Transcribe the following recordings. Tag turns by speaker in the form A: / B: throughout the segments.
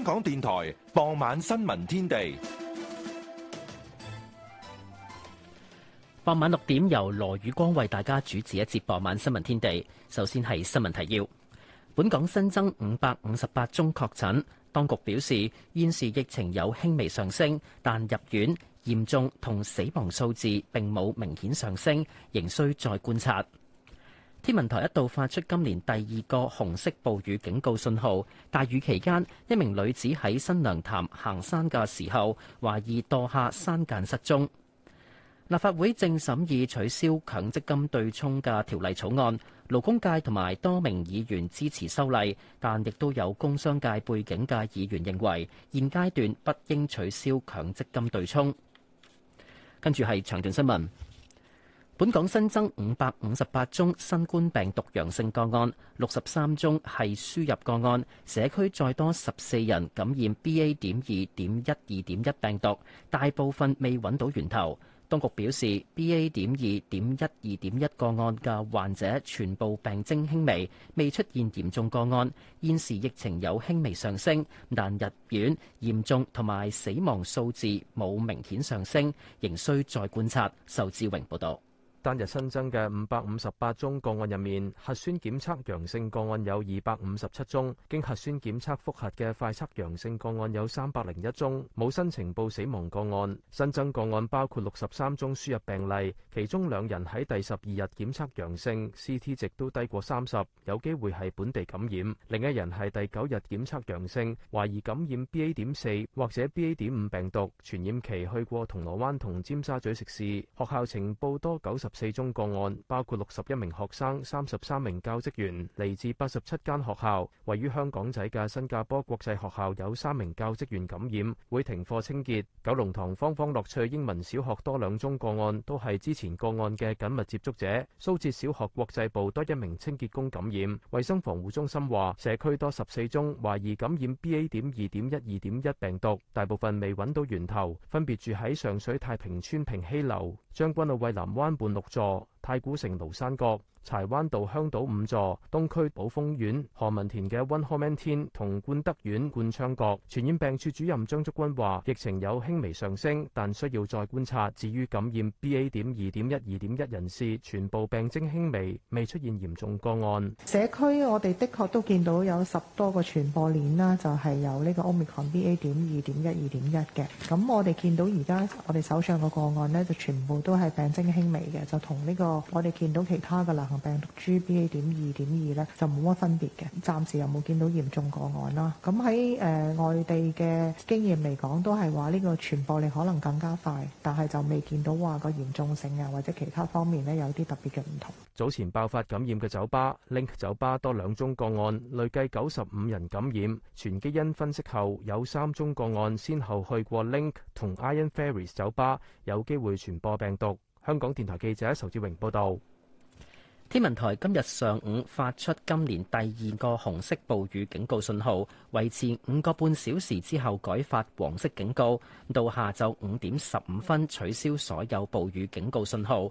A: 香港電台傍晚新聞天地。傍晚六點由羅宇光為大家主持一節傍晚新聞天地。首先係新聞提要，本港新增五百五十八宗確診，當局表示現時疫情有輕微上升，但入院嚴重同死亡數字並冇明顯上升，仍需再觀察。天文台一度發出今年第二個紅色暴雨警告信號，大雨期間，一名女子喺新娘潭行山嘅時候，懷疑墮下山澗失蹤。立法會正審議取消強積金對沖嘅條例草案，勞工界同埋多名議員支持修例，但亦都有工商界背景嘅議員認為，現階段不應取消強積金對沖。跟住係詳盡新聞。本港新增五百五十八宗新冠病毒陽性個案，六十三宗係輸入個案，社區再多十四人感染 B A. 點二點一二點一病毒，大部分未揾到源頭。當局表示，B A. 點二點一二點一個案嘅患者全部病徵輕微，未出現嚴重個案。現時疫情有輕微上升，但入院嚴重同埋死亡數字冇明顯上升，仍需再觀察。仇志榮報道。單日新增嘅五百五十八宗個案入面，核
B: 酸檢測陽性個案有二百五十七宗，經核酸檢測複核嘅快測陽性個案有三百零一宗，冇新情報死亡個案。新增個案包括六十三宗輸入病例，其中兩人喺第十二日檢測陽性，CT 值都低過三十，有機會係本地感染；另一人係第九日檢測陽性，懷疑感染 BA 點四或者 BA 點五病毒，傳染期去過銅鑼灣同尖沙咀食肆，學校情報多九十四宗個案，包括六十一名學生、三十三名教職員，嚟自八十七間學校，位於香港仔嘅新加坡國際學校有三名教職員感染，會停課清潔。九龍塘方方樂趣英文小學多兩宗個案，都係之前個案嘅緊密接觸者。蘇浙小學國際部多一名清潔工感染。衛生防護中心話，社區多十四宗懷疑感染 BA. 點二點一二點一病毒，大部分未揾到源頭，分別住喺上水太平村平希樓，將軍澳蔚藍灣畔六座、太古城廬山閣、柴灣道香島五座、東區寶峰苑、何文田嘅溫康曼天同冠德苑冠昌閣。傳染病處主任張竹君話，疫情有輕微上升，但需要再觀察。至於感染 B A 點二點一、二點一人士，全部病徵輕微，未出現嚴重個案。
C: 社區我哋的確都見到有十多個傳播鏈啦，就係有呢個 omicron B A 點二點一、二點一嘅。咁我哋見到而家我哋手上個個案呢，就全部都係病徵輕微嘅，就同呢、這個。我哋見到其他嘅流行病毒 GBA. 點二點二咧，就冇乜分別嘅。暫時又冇見到嚴重個案啦。咁喺誒外地嘅經驗嚟講，都係話呢個傳播力可能更加快，但係就未見到話個嚴重性啊，或者其他方面咧有啲特別嘅唔同。
B: 早前爆發感染嘅酒吧 Link 酒吧多兩宗個案，累計九十五人感染。全基因分析後，有三宗個案先後去過 Link 同 Iron Fairies 酒吧，有機會傳
A: 播病毒。香港電台記者仇志榮報道，天文台今日上午發出今年第二個紅色暴雨警告信號，維持五個半小時之後改發黃色警告，到下晝五點十五分取消所有暴雨警告信號。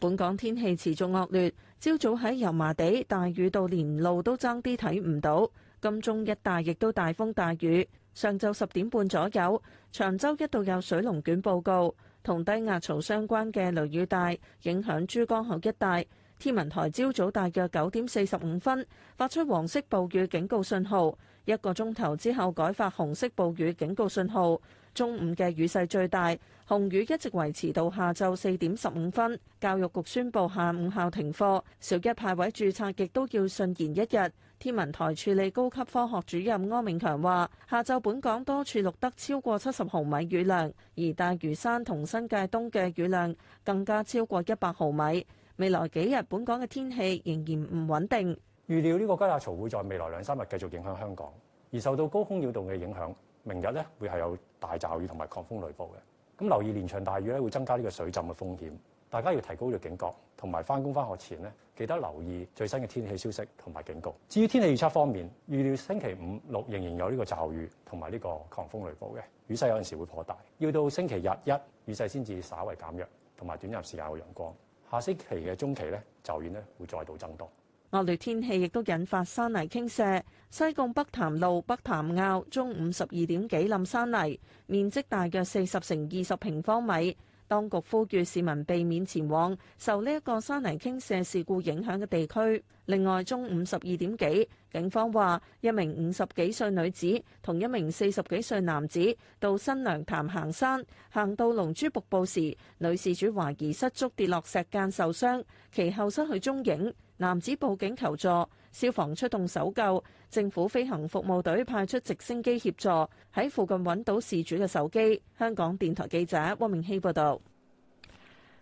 D: 本港天氣持續惡劣，朝早喺油麻地大雨到連路都爭啲睇唔到，金鐘一帶亦都大風大雨。上晝十點半左右，長洲一度有水龍捲報告，同低壓槽相關嘅雷雨帶影響珠江口一帶。天文台朝早大約九點四十五分發出黃色暴雨警告信號，一個鐘頭之後改發紅色暴雨警告信號。中午嘅雨勢最大，紅雨一直維持到下晝四點十五分。教育局宣布下午校停課，小一派位註冊亦都要順延一日。天文台助理高級科學主任柯明強話，下晝本港多處錄得超過七十毫米雨量，而大嶼山同新界東嘅雨量更加超過一百毫米。未來幾日本港嘅天氣仍然唔穩定，
E: 預料呢個高壓槽會
F: 在未來兩三日繼續影響香港，而受到高空擾動嘅影響，明日呢會係有。大驟雨同埋狂風雷暴嘅，咁留意連場大雨咧，會增加呢個水浸嘅風險，大家要提高咗警覺，同埋翻工翻學前咧，記得留意最新嘅天氣消息同埋警告。至於天氣預測方面，預料星期五、六仍然有呢個驟雨同埋呢個狂風雷暴嘅，雨勢有陣時會頗大，要到星期日一雨勢先至稍為減弱，同埋短暫時間有陽光。下星期嘅中期咧，驟雨咧會再度增多。
D: 惡劣天氣亦都引發山泥傾瀉，西貢北潭路北潭坳中午十二點幾冧山泥，面積大約四十乘二十平方米。當局呼籲市民避免前往受呢一個山泥傾瀉事故影響嘅地區。另外，中午十二點幾，警方話一名五十幾歲女子同一名四十幾歲男子到新娘潭行山，行到龍珠瀑布時，女事主懷疑失足跌落石澗受傷，其後失去蹤影，男子報警求助。消防出動搜救，政府飛行服務隊派出直升機協助，喺附近揾到事主嘅手機。香港電台記者汪明熙報道。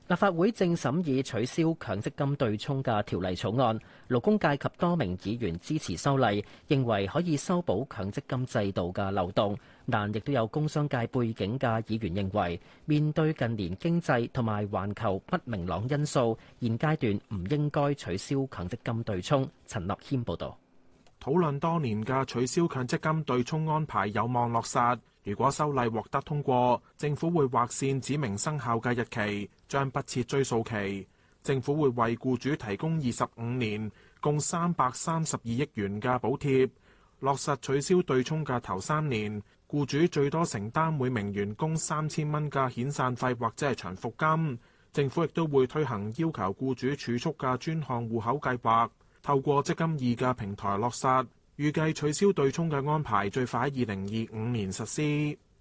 A: 立法會正審議取消強積金對沖嘅條例草案，勞工界及多名議員支持修例，認為可以修補強積金制度嘅漏洞。但亦都有工商界背景嘅議員認為，面對近年經濟同埋環球不明朗因
G: 素，現階段唔應該取消強積金對沖。陳立謙報道。討論多年嘅取消強積金對沖安排有望落實。如果修例獲得通過，政府會劃綫指明生效嘅日期。將不設追溯期，政府會為雇主提供二十五年共三百三十二億元嘅補貼落實取消對沖嘅頭三年，雇主最多承擔每名員工三千蚊嘅遣散費或者係長服金。政府亦都會推行要求雇主儲蓄嘅專項戶口計劃，透過積金易嘅平台落實。預計取消對沖嘅安排最快二零二五年實施。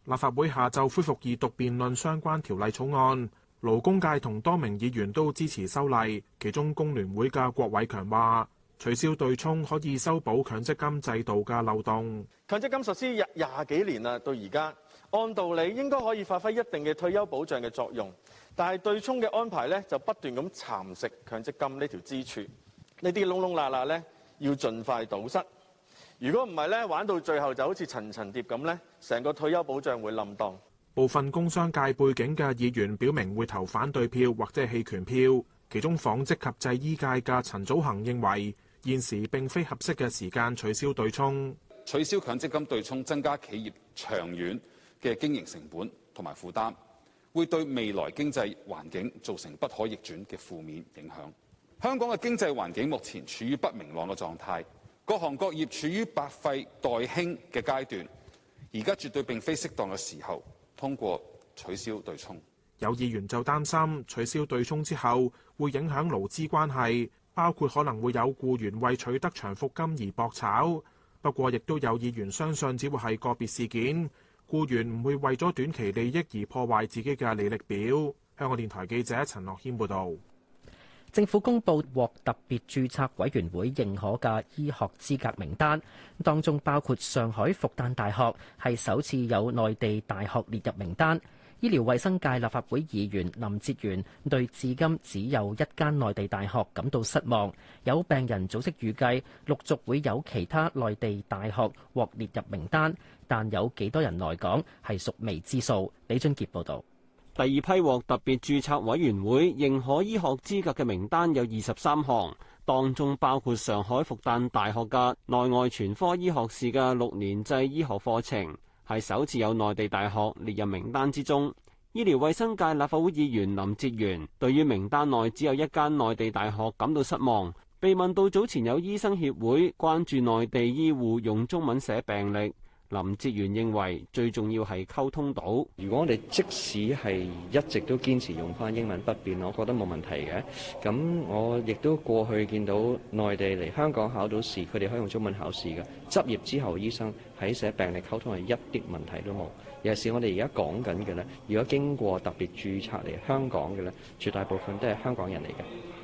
G: 立法會下晝恢復二讀辯論相關條例草案。勞工界同多名議員都支持修例，其中工聯會嘅郭偉強話：取消對沖可以修補強積金制度嘅漏洞。
H: 強積金實施廿廿幾年啦，到而家按道理應該可以發揮一定嘅退休保障嘅作用，但係對沖嘅安排咧就不斷咁蠶食強積金呢條支柱，呢啲窿窿罅罅咧要盡快堵塞。如果唔係咧，玩到最後就好似層層疊咁咧，成個退休保障會冧檔。
G: 部分工商界背景嘅議員表明會投反對票或者棄權票，其中紡織及製衣界嘅陳祖恒認為現時並非合適嘅時間取消對沖，
F: 取消強積金對沖增加企業長遠嘅經營成本同埋負擔，會對未來經濟環境造成不可逆轉嘅負面影響，香港嘅經濟環境目前處於不明朗嘅狀態，各行各業處於百廢待興嘅階段，而家絕對並非適當嘅時候。通過取消對沖，
G: 有議員就擔心取消對沖之後會影響勞資關係，包括可能會有雇員為取得長服金而搏炒。不過，亦都有議員相信只會係個別事件，雇員唔會為咗短期利益而破壞自己嘅履歷表。香港電台記者陳樂軒報導。
A: 政府公布獲特別注冊委員會認可嘅醫學資格名單，當中包括上海復旦大學，係首次有內地大學列入名單。醫療衛生界立法會議員林哲源對至今只有一間內地大學感到失望。有病人組織預計陸續會有其他內地大學獲列入名單，但有幾多人來港係屬未知數。李俊傑報道。
E: 第二批獲特別註冊委員會認可醫學資格嘅名單有二十三項，當中包括上海復旦大學嘅內外全科醫學士嘅六年制醫學課程，係首次有內地大學列入名單之中。醫療衛生界立法會議員林哲玄對於名單內只有一間內地大學感到失望。被問到早前有醫生協會關注內地醫護用中文寫病歷。林志源認為最重要係溝通到，
I: 如果我哋即使係一直都堅持用返英文不變，我覺得冇問題嘅。咁我亦都過去見到內地嚟香港考到試，佢哋可以用中文考試嘅。執業之後醫生喺寫病歷溝通係一啲問題都冇，尤其是我哋而家講緊嘅呢，如果經過特別註冊嚟香港嘅呢，絕大部分都係香港人嚟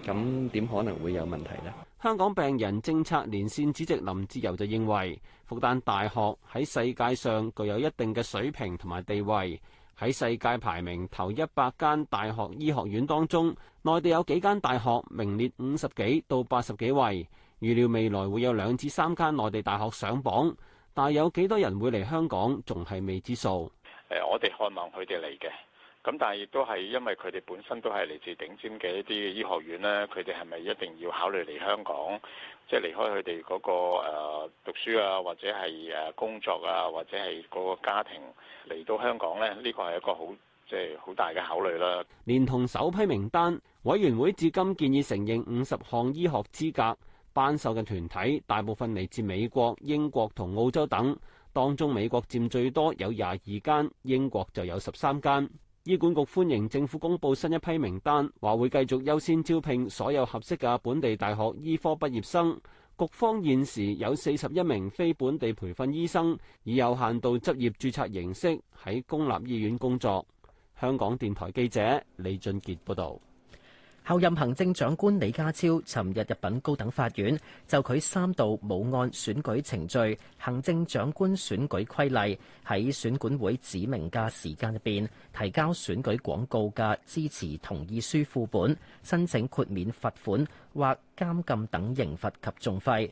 I: 嘅，咁點
E: 可能會有問題呢？香港病人政策連線主席林志釉就認為，復旦大學喺世界上具有一定嘅水平同埋地位，喺世界排名頭一百間大學醫學院當中，內地有幾間大學名列五十幾到八十幾位。預料未來會有兩至三間內地大學上榜，但有幾多人會嚟香港，仲係未知數。
F: 誒， 我哋盼望佢哋嚟嘅。咁但係亦都係因為佢哋本身都係嚟自頂尖嘅一啲醫學院咧，佢哋係咪一定要考慮嚟香港，即係離開佢哋嗰個、誒、呃、讀書啊，或者係誒工作啊，或者係嗰個家庭嚟到香港咧？呢個係一個好即係好大嘅考慮啦。
E: 連同首批名單，委員會至今建議承認五十項醫學資格頒授嘅團體，大部分嚟自美國、英國同澳洲等，當中美國佔最多有廿二間，英國就有十三間。醫管局歡迎政府公布新一批名單，話會繼續優先招聘所有合適嘅本地大學醫科畢業生。局方現時有四十一名非本地培訓醫生，以有限度執業註冊形式喺公立
A: 醫院工作。香港電台記者李俊杰報道。候任行政長官李家超尋日入稟高等法院，就佢三度冇按選舉程序《行政長官選舉規例》喺選管會指明嘅時間入邊提交選舉廣告嘅支持同意書副本，申請豁免罰款或監禁等刑罰及訟費。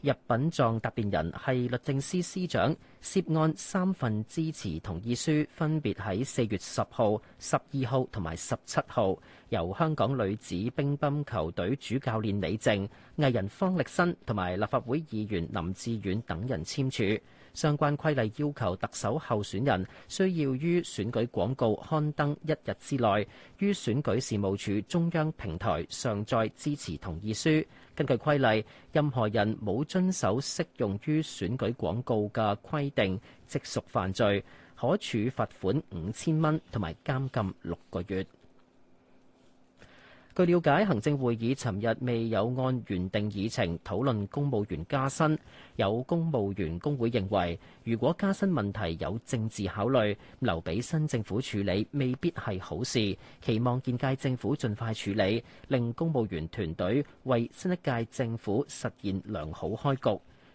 A: 入稟狀答辯人係律政司司長，涉案三份支持同意書分別喺四月十號、十二號同埋十七號，由香港女子乒乓球隊主教練李靜、藝人方力申同埋立法會議員林志遠等人簽署。相關規例要求特首候選人需要於選舉廣告刊登一日之內，於選舉事務處中央平台上載支持同意書。根據規例，任何人冇遵守適用於選舉廣告嘅規定，即屬犯罪，可處罰款五千蚊同埋監禁六個月。據了解，行政會議尋日未有按原定議程討論公務員加薪。有公務員工會認為，如果加薪問題有政治考慮，留俾新政府處理未必係好事。期望現屆政府盡快處理，令公務員團隊為新一屆政府實現良好開局。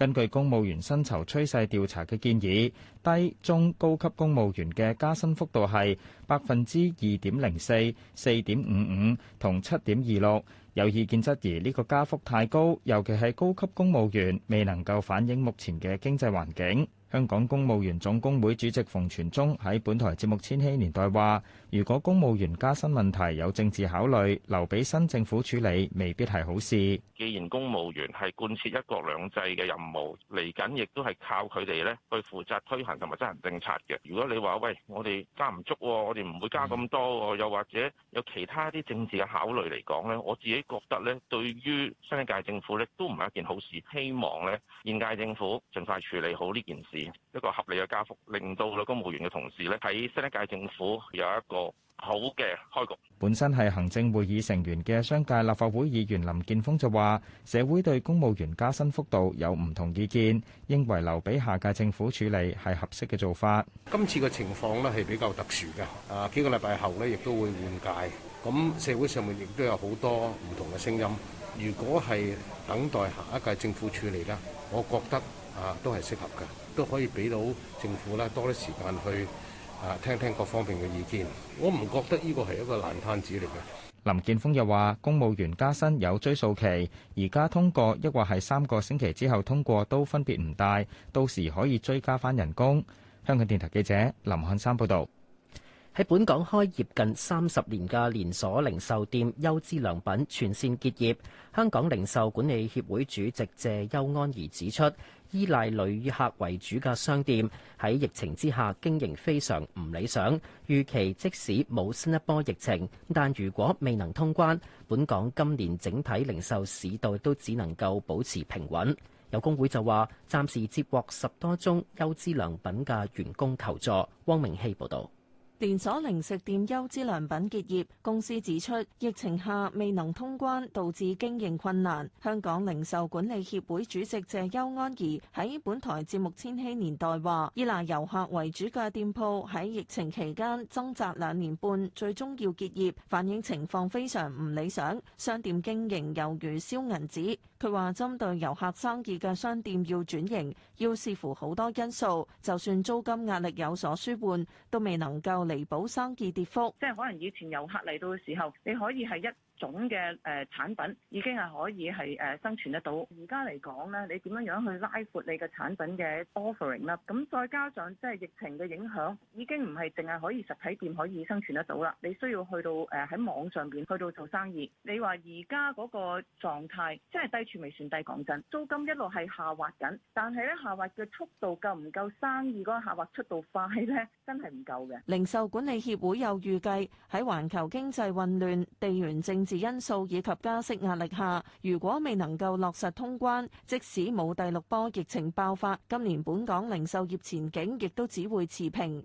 J: 根據公務員薪酬趨勢調查嘅建議，低、中、高級公務員嘅加薪幅度係百分之二點零四、四點五五同七點二六。有意見質疑呢個加幅太高，尤其係高級公務員未能夠反映目前嘅經濟環境。香港公務員總工會主席馮全忠喺本台節目《千禧年代》話，如果公務員加薪問題有政治考慮，留俾新政府處理，未必係好事。
B: 既然公務員係貫徹一國兩制嘅任務，嚟緊亦都係靠佢哋咧去負責推行同埋執行政策嘅。如果你話喂，我哋加唔足，我哋唔會加咁多，又或者有其他啲政治嘅考慮嚟講咧，我自己覺得咧，對於新一屆政府咧都唔係一件好事。希望咧現屆政府盡快處理好呢件事。一個合理嘅加幅，令到佢公務員嘅同事咧喺新一屆政府有一個好嘅開局。
J: 本身係行政會議成員嘅商界立法會議員林建峰就話：社會對公務員加薪幅度有唔同意見，認為留俾下屆政府處理係合適嘅做法。
B: 今次嘅情況咧係比較特殊嘅，啊幾個禮拜後咧亦都會換屆，咁社會上面亦都有好多唔同嘅聲音。如果係等待下一屆政府處理咧，我覺得啊都係適合嘅。都可以俾到政府啦，多啲時間去啊，聽聽各方面嘅意見。我唔覺得呢個係一個爛攤子嚟嘅。
J: 林建峰又話：公務員加薪有追溯期，而家通過，抑或係三個星期之後通過，都分別唔大。
A: 到時可以追加返人工。香港電台記者林漢山報道。喺本港開業近三十年嘅連鎖零售店優之良品全線結業。香港零售管理協會主席謝邱安儀指出，依賴旅客為主嘅商店喺疫情之下經營非常唔理想，預期即使冇新一波疫情，但如果未能通關，本港今年整體零售市道都只能夠保持平穩，有工會就話暫時接獲十多宗優質良品嘅員工求助。汪明希報道。
D: 連鎖零食店優之良品結業，公司指出疫情下未能通關，導致經營困難。香港零售管理協會主席謝邱安儀喺本台節目《千禧年代》話：依賴遊客為主嘅店鋪喺疫情期間掙扎兩年半，最終要結業，反映情況非常唔理想。商店經營猶如燒銀紙。佢話針對遊客生意嘅商店要轉型，要視乎好多因素，就算租金壓力有所舒緩，都未能夠。彌補生意跌幅，即係可能以前遊客嚟到嘅時候，你可以係一。 總嘅誒產品
C: 已經係可以係誒生存得到。而家嚟講咧，你點樣樣去拉闊你嘅產品嘅 offering 啦？咁再加上即係疫情嘅影響，已經唔係淨係可以實體店可以生存得到啦。你需要去到誒喺、呃、網上邊去到做生意。你話而家嗰個狀態，即係低處未算低，講真，租金一路係下滑緊，但係咧下滑嘅速度夠唔夠生意嗰個下滑速度快咧？真係唔夠嘅。
D: 零售管理協會又預計喺環球經濟混亂、地緣政因素以及加息壓力下，如果未能夠落實通關，即使冇第六波疫情爆發，今年本港零售業前景亦都只會持平。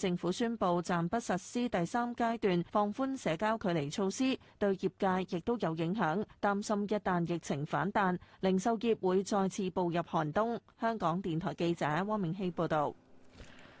D: 政府宣布暫不實施第三階段放寬社交距離措施，對業界亦都有影響。擔心一旦疫情反彈，零售業會再次步入寒冬。香港電台記者汪明熙報道。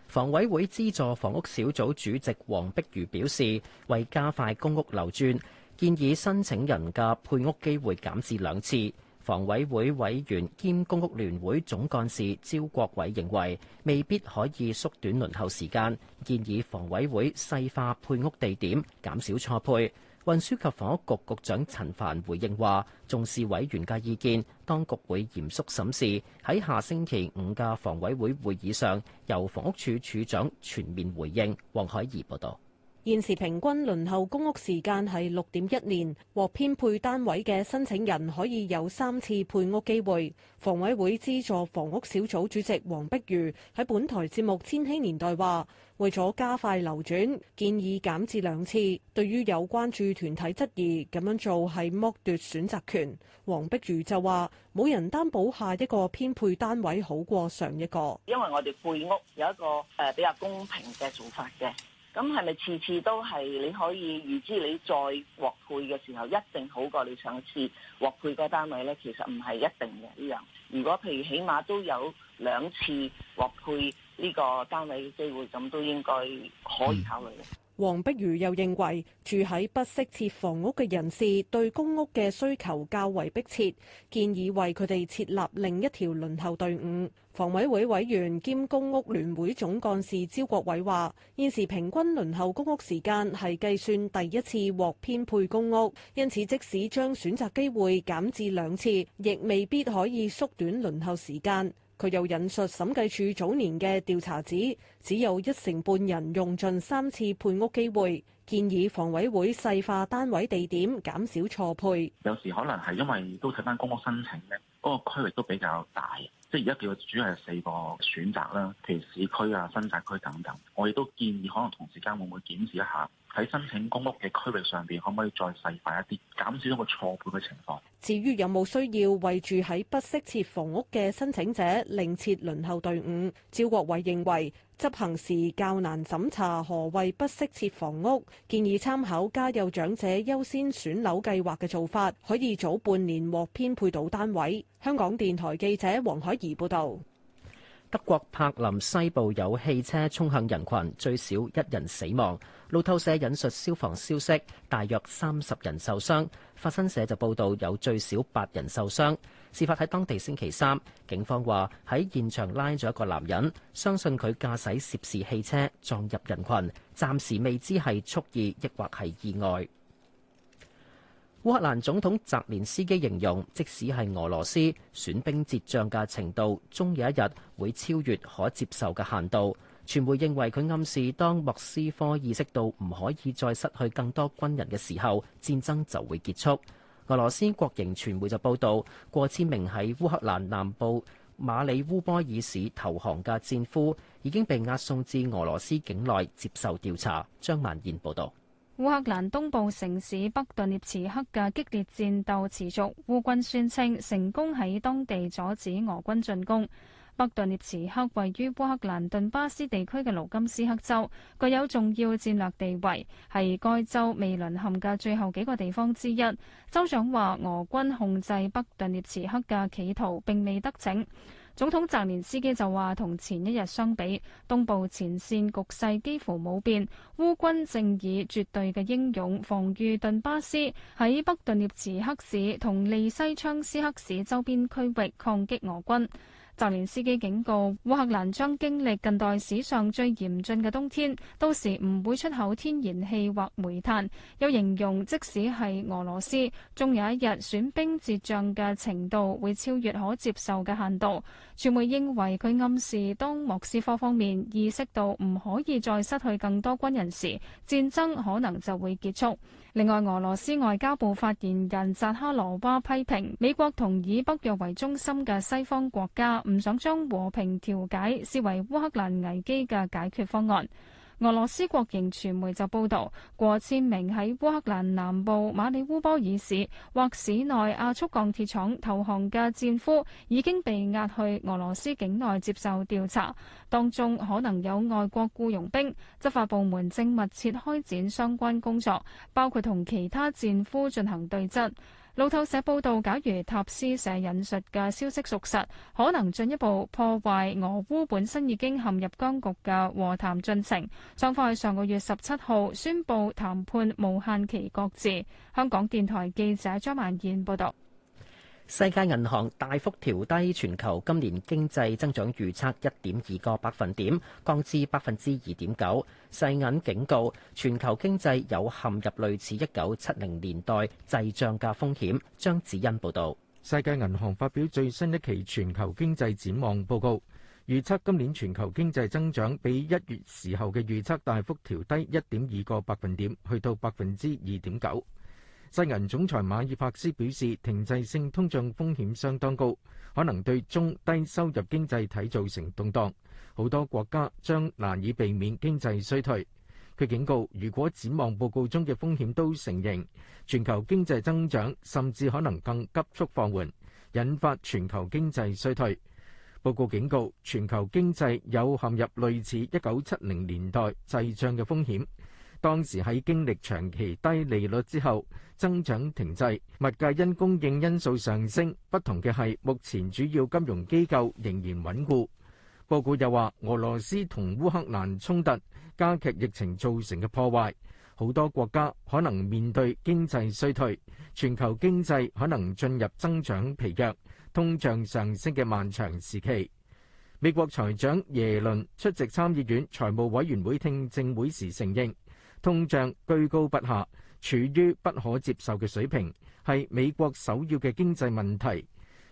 A: 房委會資助房屋小組主席黃碧如表示，為加快公屋流轉，建議申請人嘅配屋機會減至兩次。房委會委員兼公屋聯會總幹事招國偉認為，未必可以縮短輪候時間，建議房委會細化配屋地點，減少錯配。運輸及房屋局局長陳凡回應話，重視委員嘅意見，當局會嚴肅審視喺下星期五嘅房委會會議上，由房屋署署長全面回應。黃海怡報道。
K: 現時平均輪候公屋時間係六點一年，獲編配單位嘅申請人可以有三次配屋機會。房委會資助房屋小組主席黃碧如喺本台節目《千禧年代》話：為咗加快流轉，建議減至兩次。對於有關注團體質疑咁樣做係剝奪選擇權，黃碧如就話：冇人擔保下一個編配單位好過上一個，
C: 因為我哋配屋有一個誒比較公平嘅做法嘅。咁係咪次次都係你可以預知你再獲配嘅時候一定好過你上次獲配個單位呢？其實唔係一定嘅呢樣。如果譬如起碼都有兩次獲配呢個單位嘅機會，咁都應該可以考慮嘅。
K: 黃碧如又認為住喺不適切房屋嘅人士對公屋嘅需求較為迫切，建議為佢哋設立另一條輪候隊伍。房委會委員兼公屋聯會總幹事招國偉話，現時平均輪候公屋時間，係計算第一次獲編配公屋，因此即使將選擇機會減至兩次，亦未必可以縮短輪候時間，佢又引述審計署早年嘅調查指，只有一成半人用盡三次配屋機會，建議房委會細化單位地點，減少錯配。
B: 有時可能係
F: 因為都睇翻公屋申請嘅嗰、嗰個區域都比較大。即係而家叫個主要係四個選擇啦，譬如市區啊、新界區等等。我亦都建議可能同時間會唔會檢視一下。喺申請公屋嘅區域上面，可唔可以再細化一啲，減少一個錯判嘅情況？
K: 至於有冇需要為住喺不適切房屋嘅申請者另設輪候隊伍？招國偉認為執行時較難審查何謂不適切房屋，建議參考家有長者優先選樓計劃嘅做法，可以早半年獲編配到單位。香港電台記者黃海怡報導。
A: 德國柏林西部有汽車衝向人群，最少一人死亡。路透社引述消防消息，大約三十人受傷，法新社就報道有最少八人受傷，事發喺當地星期三，警方話喺現場拉咗一個男人，相信佢駕駛涉事汽車撞入人群，暫時未知係蓄意抑或係意外。烏克蘭總統澤連斯基形容，即使係俄羅斯損兵折將嘅程度，終有一日會超越可接受嘅限度。傳媒認為佢暗示，當莫斯科意識到唔可以再失去更多軍人嘅時候，戰爭就會結束。俄羅斯國營傳媒就報道，過千名喺烏克蘭南部馬里烏波爾市投降嘅戰俘已經被押送至俄羅斯境內接受調查。張曼燕報導，
L: 烏克蘭東部城市北頓涅茨克嘅激烈戰鬥持續，烏軍宣稱成功喺當地阻止俄軍進攻。北頓涅茨克位於烏克蘭頓巴斯地區嘅盧甘斯克州，具有重要戰略地位，係該州未淪陷嘅最後幾個地方之一。州長話，俄軍控制北頓涅茨克嘅企圖並未得逞。總統澤連斯基就話，同前一日相比，東部前綫局勢幾乎冇變。烏軍正以絕對嘅英勇防禦頓巴斯，喺北頓涅茨克市同利西昌斯克市周邊區域抗擊俄軍。就連澤連斯基警告烏克蘭將經歷近代史上最嚴峻嘅冬天，到時唔會出口天然氣或煤炭。又形容即使係俄羅斯，終有一日損兵折將嘅程度會超越可接受嘅限度。傳媒認為佢暗示當莫斯科方面意識到唔可以再失去更多軍人時，戰爭可能就會結束。另外，俄羅斯外交部發言人扎哈羅娃批評美國同以北約為中心嘅西方國家唔想將和平調解視為烏克蘭危機嘅解決方案。俄羅斯國營傳媒就報導，過千名喺烏克蘭南部馬里烏波爾市或市內亞速鋼鐵廠投降嘅戰俘已經被押去俄羅斯境內接受調查，當中可能有外國僱傭兵。執法部門正密切開展相關工作，包括同其他戰俘進行對質。路透社報道，假如塔斯社引述嘅消息屬實，可能進一步破壞俄烏本身已經陷入僵局嘅和談進程。雙方喺上個月十七號宣布談判無限期擱置。香港電台記者張曼燕報道。
A: 世界銀行大幅調低全球今年經濟增長預測一點二個百分點，降至百分之二點九。世銀警告，全球經濟有陷入類似一九七零年代滯脹嘅風險。張子
H: 欣報導。世界銀行發表最新一期全球經濟展望報告，預測今年全球經濟增長比一月時候嘅預測大幅調低一點二個百分點，去到百分之二點九。世銀總裁馬爾法斯表示，停滯性通脹風險相當高，可能對中低收入經濟體造成動盪，好多國家將難以避免經濟衰退。佢警告，如果展望報告中嘅風險都成形，全球經濟增長甚至可能更急速放緩，引發全球經濟衰退。報告警告，全球經濟有陷入類似一九七零年代滯脹嘅風險，當時喺經歷長期低利率之後。增長停滯，物價因供應因素上升。不同嘅係，目前主要金融機構仍然穩固。報告又話，俄羅斯同烏克蘭衝突加劇疫情造成嘅破壞，好多國家可能面對經濟衰退，全球經濟可能進入增長疲弱、通脹上升嘅漫長時期。美國財長耶倫出席參議院財務委員會聽證會時承認，通脹居高不下。處於不可接受嘅水平，係美國首要嘅經濟問題。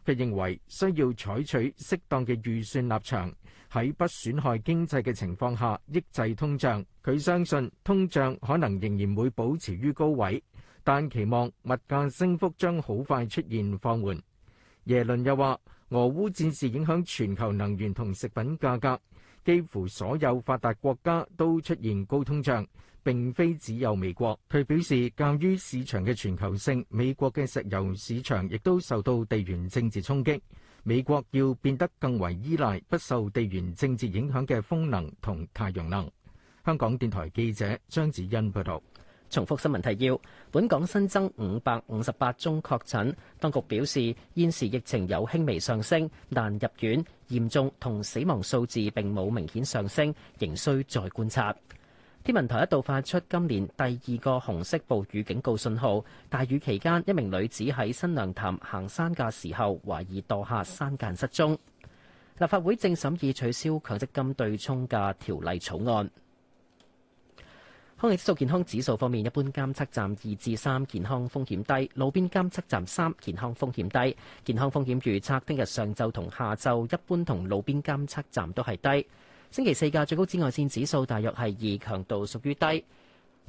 H: 佢認為需要採取適當嘅預算立場，喺不損害經濟嘅情況下抑制通脹。佢相信通脹可能仍然會保持於高位，但期望物價升幅將好快出現放緩。耶倫又話，俄烏戰事影響全球能源同食品價格，幾乎所有發達國家都出現高通脹。並非只有美國，佢表示，鑒於市場嘅全球性，美國嘅石油市場亦都受到地緣政治衝擊，美國要變得更為依賴不受地緣政治影響嘅風能同太陽能。香港電台記者張子欣報
A: 道。重複新聞提要，本港新增五百五十八宗確診，當局表示現時疫情有輕微上升，但入院、嚴重同死亡數字並冇明顯上升，仍需再觀察。天文台一度發出今年第二個紅色暴雨警告信號，大雨期間，一名女子喺新娘潭行山嘅時候，懷疑墮下山澗失蹤。立法會正審議取消強積金對沖嘅條例草案。空氣質素健康指數方面，一般監測站二至三，健康風險低；路邊監測站三，健康風險低。健康風險預測，聽日上晝同下晝，一般同路邊監測站都係低。星期四嘅最高紫外線指數大約係二，強度屬於低。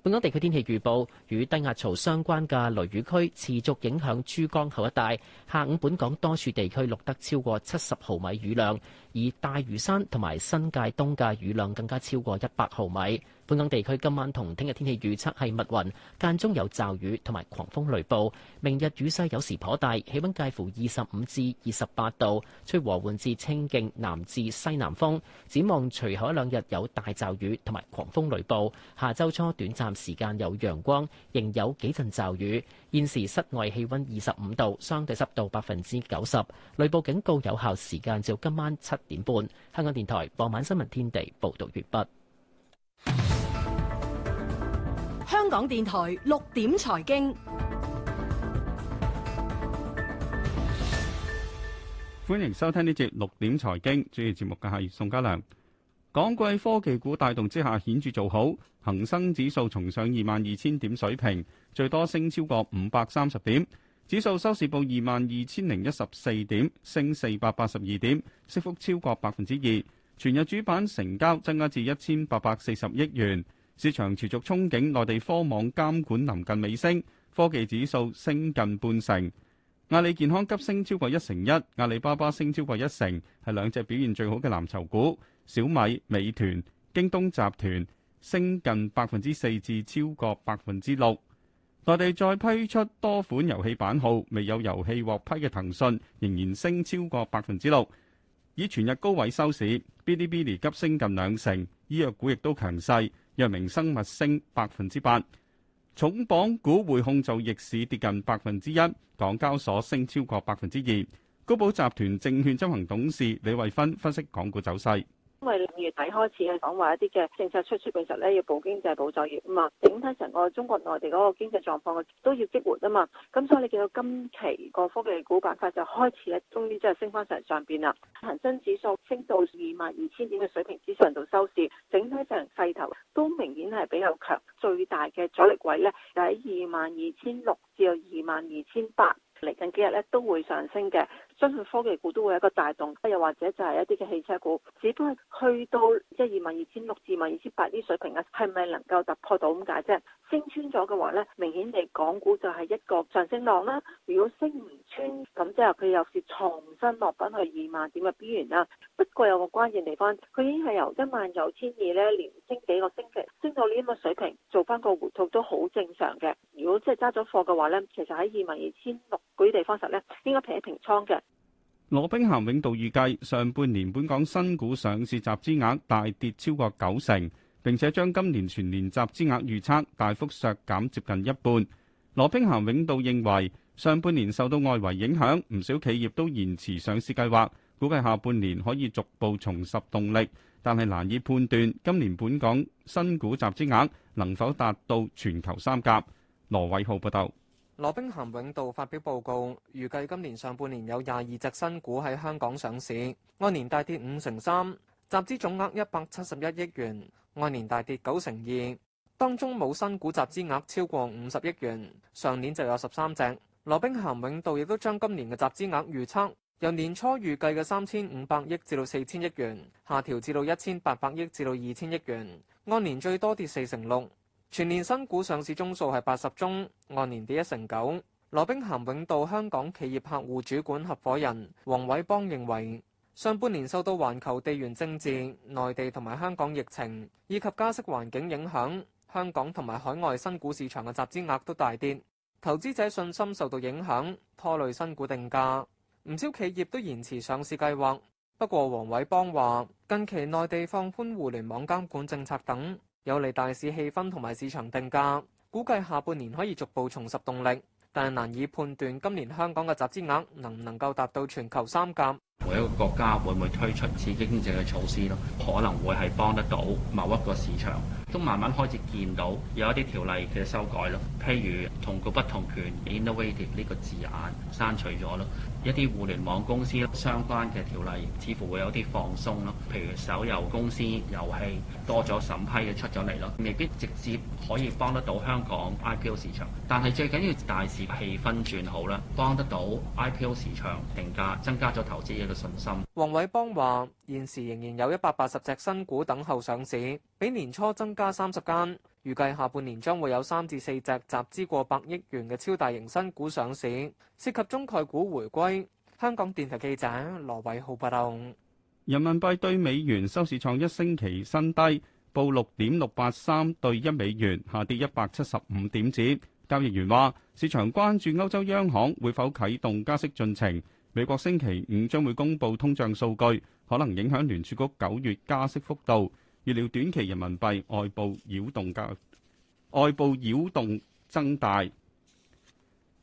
A: 本港地區天氣預報，與低壓槽相關嘅雷雨區持續影響珠江口一帶，下午本港多處地區錄得超過七十毫米雨量，而大嶼山同埋新界東嘅雨量更加超過一百毫米。本港地區今晚同聽日天氣預測係密雲，間中有驟雨同埋狂風雷暴。明日雨勢有時頗大，氣温介乎二十五至二十八度，吹和緩至清勁南至西南風。展望隨後一兩日有大驟雨同埋狂風雷暴，下周初短暫時間有陽光，仍有幾陣驟雨。現時室外氣温二十五度，相對濕度百分之九十，雷暴警告有效時間至今晚七點半。香港電台傍晚新聞天地報道完畢。
K: 香港電台六點財經，
F: 歡迎收聽呢節六點財經。主持節目嘅係宋家良。港貴科技股帶動之下，顯著做好，恒生指數重上二萬二千點水平，最多升超過五百三十點。指數收市報二萬二千零一十四點，升四百八十二點，升幅超過百分之二。全日主板成交增加至一千八百四十億元。市場持續憧憬，內地科網監管臨近尾聲，科技指數升近半成。阿里健康急升超過一成一，阿里巴巴升超過一成，係兩隻表現最好嘅藍籌股。小米、美團、京東集團升近百分之四至超過百分之六。內地再批出多款遊戲版號，未有遊戲獲批嘅騰訊仍然升超過百分之六，以全日高位收市。嗶哩嗶哩急升近兩成，醫藥股亦都強勢。藥明生物升百分之八，重磅股匯控就逆市跌近百分之一，港交所升超過百分之二。高寶集團證券執行董事李慧芬分析港股走勢。
C: 因為六月底開始去講話一啲嘅政策出出嘅時候咧，要保經濟保就業啊嘛、嗯，整體成個中國內地嗰個經濟狀況都要激活啊嘛，咁所以你見到今期個科技股板塊就開始咧，終於即係升翻上上邊啦，恆生指數升到二萬二千點嘅水平之上度收市，整體成勢頭都明顯係比較強，最大嘅阻力位咧就喺二萬二千六至到二萬二千八嚟近幾日咧都會上升嘅。相信科技股都會有一個大動，又或者就係一啲嘅汽車股，只不過去到即係二萬二千六至萬二千八呢水平啊，係咪能夠突破到咁解啫？升穿咗嘅話呢，明顯地港股就係一個上升浪啦。如果升唔穿，咁即係佢又是重新落翻去二萬點嘅邊緣啦。不過有個關鍵地方，佢已經係由一萬九千二咧，連升幾個星期，升到呢啲咁水平，做翻個回吐都好正常嘅。如果即係揸咗貨嘅話呢，其實喺二萬二千六嗰啲地方實咧。應該撇平倉
F: 嘅。羅兵咸永道預計上半年本港新股上市集資額大跌超過九成，並且將今年全年集資額預測大幅削減接近一半。羅兵咸永道認為上半年受到外圍影響，唔少企業都延遲上市計劃，估計下半年可以逐步重拾動力，但係難以判斷今年本港新股集資額能否達到全球三甲。羅偉浩報導。
M: 羅兵咸永道發表報告，預計今年上半年有廿二隻新股喺香港上市，按年大跌五成三，集資總額一百七十一億元，按年大跌九成二。當中冇新股集資額超過五十億元，上年就有十三隻。羅兵咸永道亦都將今年嘅集資額預測由年初預計嘅三千五百億至到四千億元，下調至到一千八百億至到二千億元，按年最多跌四成六。全年新股上市宗數係八十宗，按年跌一成九。羅兵咸永道香港企業客戶主管合夥人黃偉邦認為，上半年受到環球地緣政治、內地同埋香港疫情以及加息環境影響，香港同埋海外新股市場嘅集資額都大跌，投資者信心受到影響，拖累新股定價，唔少企業都延遲上市計劃。不過黃偉邦話，近期內地放寬互聯網監管政策等，有利大市氣氛同埋市場定價，估計下半年可以逐步重拾動力，但係難以判斷今年香港嘅集資額能唔能夠達到全球三甲。
E: 某一個國家會唔會推出刺激經濟嘅措施咯？可能會係幫得到某一個市場，都慢慢開始見到有一啲條例嘅修改咯。譬如同股不同權 （innovative） 呢個字眼刪除咗咯，一啲互聯網公司相關嘅條例似乎會有啲放鬆咯。譬如手遊公司遊戲多咗審批嘅出咗嚟咯，未必直接可以幫得到香港 IPO 市場，但係最緊要大市氣氛轉好啦，幫得到 IPO 市場定價，增加咗投資嘅。
M: 黃偉邦話：現時仍然有一百八十隻新股等候上市，比年初增加三十間。預計下半年將會有三至四隻集資過百億元嘅超大型新股上市，涉及中概股回歸。香港電台記者羅偉浩報道。
F: 人民幣對美元收市創一星期新低，報六點六八三對一美元，下跌一百七十五點子。交易員話：市場關注歐洲央行會否啟動加息進程。美國星期五將會公布通脹數據，可能影響聯儲局九月加息幅度。預料短期人民幣外部擾動加外部擾動增大。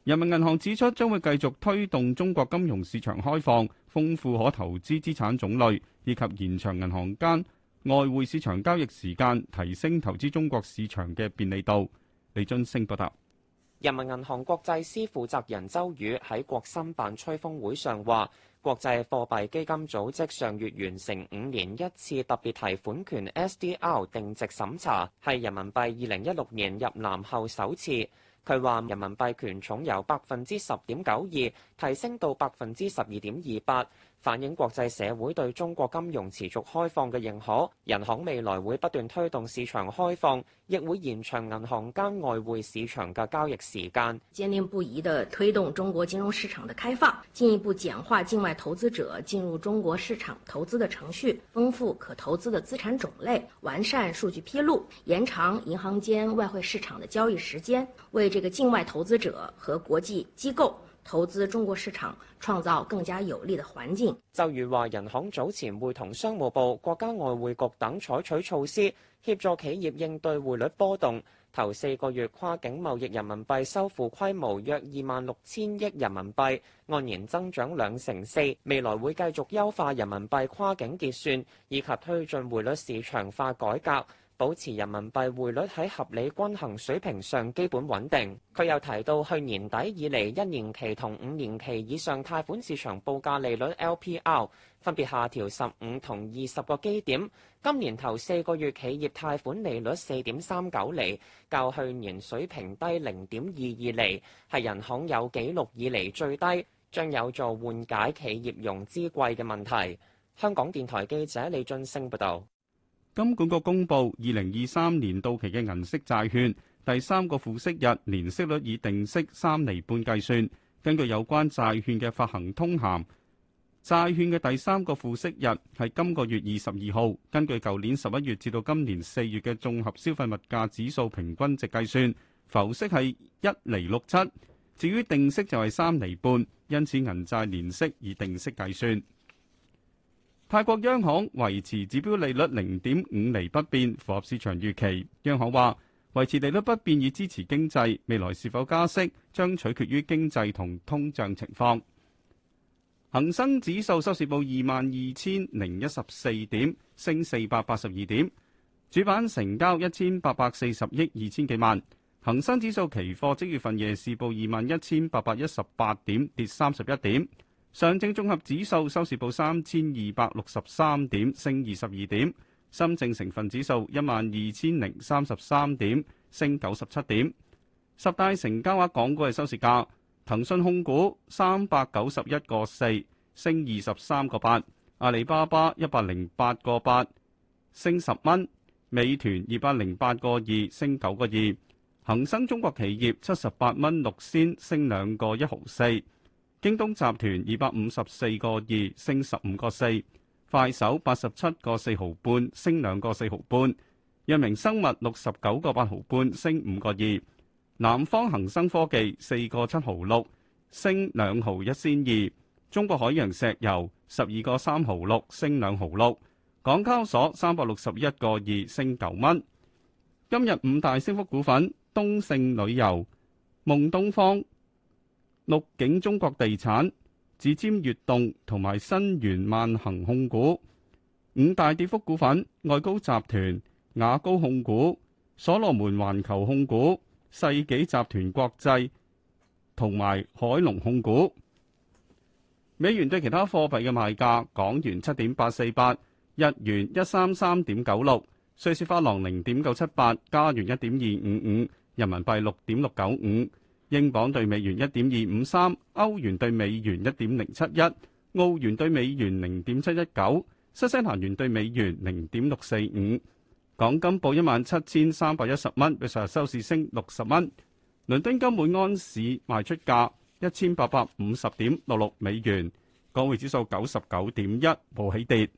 F: 人民銀行指出，將會繼續推動中國金融市場開放，豐富可投資資產種類，以及延長銀行間外匯市場交易時間，提升投資中國市場嘅便利度。李津升報道。
I: 人民銀行國際司負責人周宇喺國新辦吹風會上話，國際貨幣基金組織上月完成五年一次特別提款權 SDR 定值審查，係人民幣二零一六年入籃後首次。佢話人民幣權重由百分之十點九二提升到百分之十二點二八。反映國際社會對中國金融持續開放嘅認可，人行未來會不斷推動市場開放，亦會延長銀行間外匯市場嘅交易時間。
K: 堅定不移地推動中國金融市場的開放，進一步簡化境外投資者進入中國市場投資的程序，豐富可投資的資產種類，完善數據披露，延長銀行間外匯市場的交易時間，為這個境外投資者和國際機構，投資中國市場，創造更加有利的環境。
I: 就如話：人行早前會同商務部、國家外匯局等採取措施，協助企業應對匯率波動。頭四個月跨境貿易人民幣收付規模約二萬六千億人民幣，按年增長兩成四。未來會繼續優化人民幣跨境結算，以及推進匯率市場化改革。保持人民幣匯率喺合理均衡水平上基本穩定。佢又提到，去年底以嚟，一年期同五年期以上貸款市場報價利率 （LPR） 分別下調十五同二十個基點，今年頭四個月企業貸款利率四點三九厘較去年水平低零點二二厘，係人行有記錄以嚟最低，將有助緩解企業融資貴嘅問題。香港電台記者李俊升
F: 報道。金管局公布，二零二三年到期嘅銀色債券第三個付息日，年息率以定息三厘半計算。根據有關債券嘅發行通函，債券嘅第三個付息日係今個月二十二號。根據舊年十一月至到今年四月嘅綜合消費物價指數平均值計算，浮息係一厘六七，至於定息就係三厘半，因此銀債年息以定息計算。泰國央行維持指標利率零點五厘不變，符合市場預期。央行話維持利率不變以支持經濟，未來是否加息將取決於經濟同通脹情況。恒生指數收市報二萬二千零一十四點，升四百八十二點，主板成交一千八百四十億二千幾萬。恒生指數期貨即月份夜市報二萬一千八百一十八點，跌三十一點。上證綜合指數收市報三千二百六十三點，升二十二點。深證成分指數一萬二千零三十三點，升九十七點。十大成交額港股嘅收市價，騰訊控股三百九十一個四，升二十三個八。阿里巴巴一百零八個八，升十蚊。美團二百零八個二，升九個二。恒生中國企業七十八蚊六仙，升兩個一毫四。京東集團二百五十四個二升十五個四，快手八十七個四毫半升兩個四毫半，藥明生物六十九個八毫半升五個二，南方恒生科技四個七毫六升兩毫一仙二，中國海洋石油十二個三毫六升兩毫六，港交所三百六十一個二升九蚊。今日五大升幅股份：東盛旅遊、夢東方。綠景中國地產、指尖悅動同埋新源萬恆控股。五大跌幅股份，外高集團、雅高控股、所羅門環球控股、世紀集團國際同埋海龍控股。美元對其他貨幣嘅賣價：港元七點八四八，日元一三三點九六，瑞士法郎零點九七八，加元一點二五五，人民幣六點六九五。英鎊兌美元一點二五三，歐元兌美元一點零七一，澳元兌美元零點七一九，新西蘭元兌美元零點六四五。港金報一萬七千三百一十蚊，比上日收市升六十蚊。倫敦金每安士賣出價一千八百五十點六六美元，港匯指數九十九點一，冇起跌。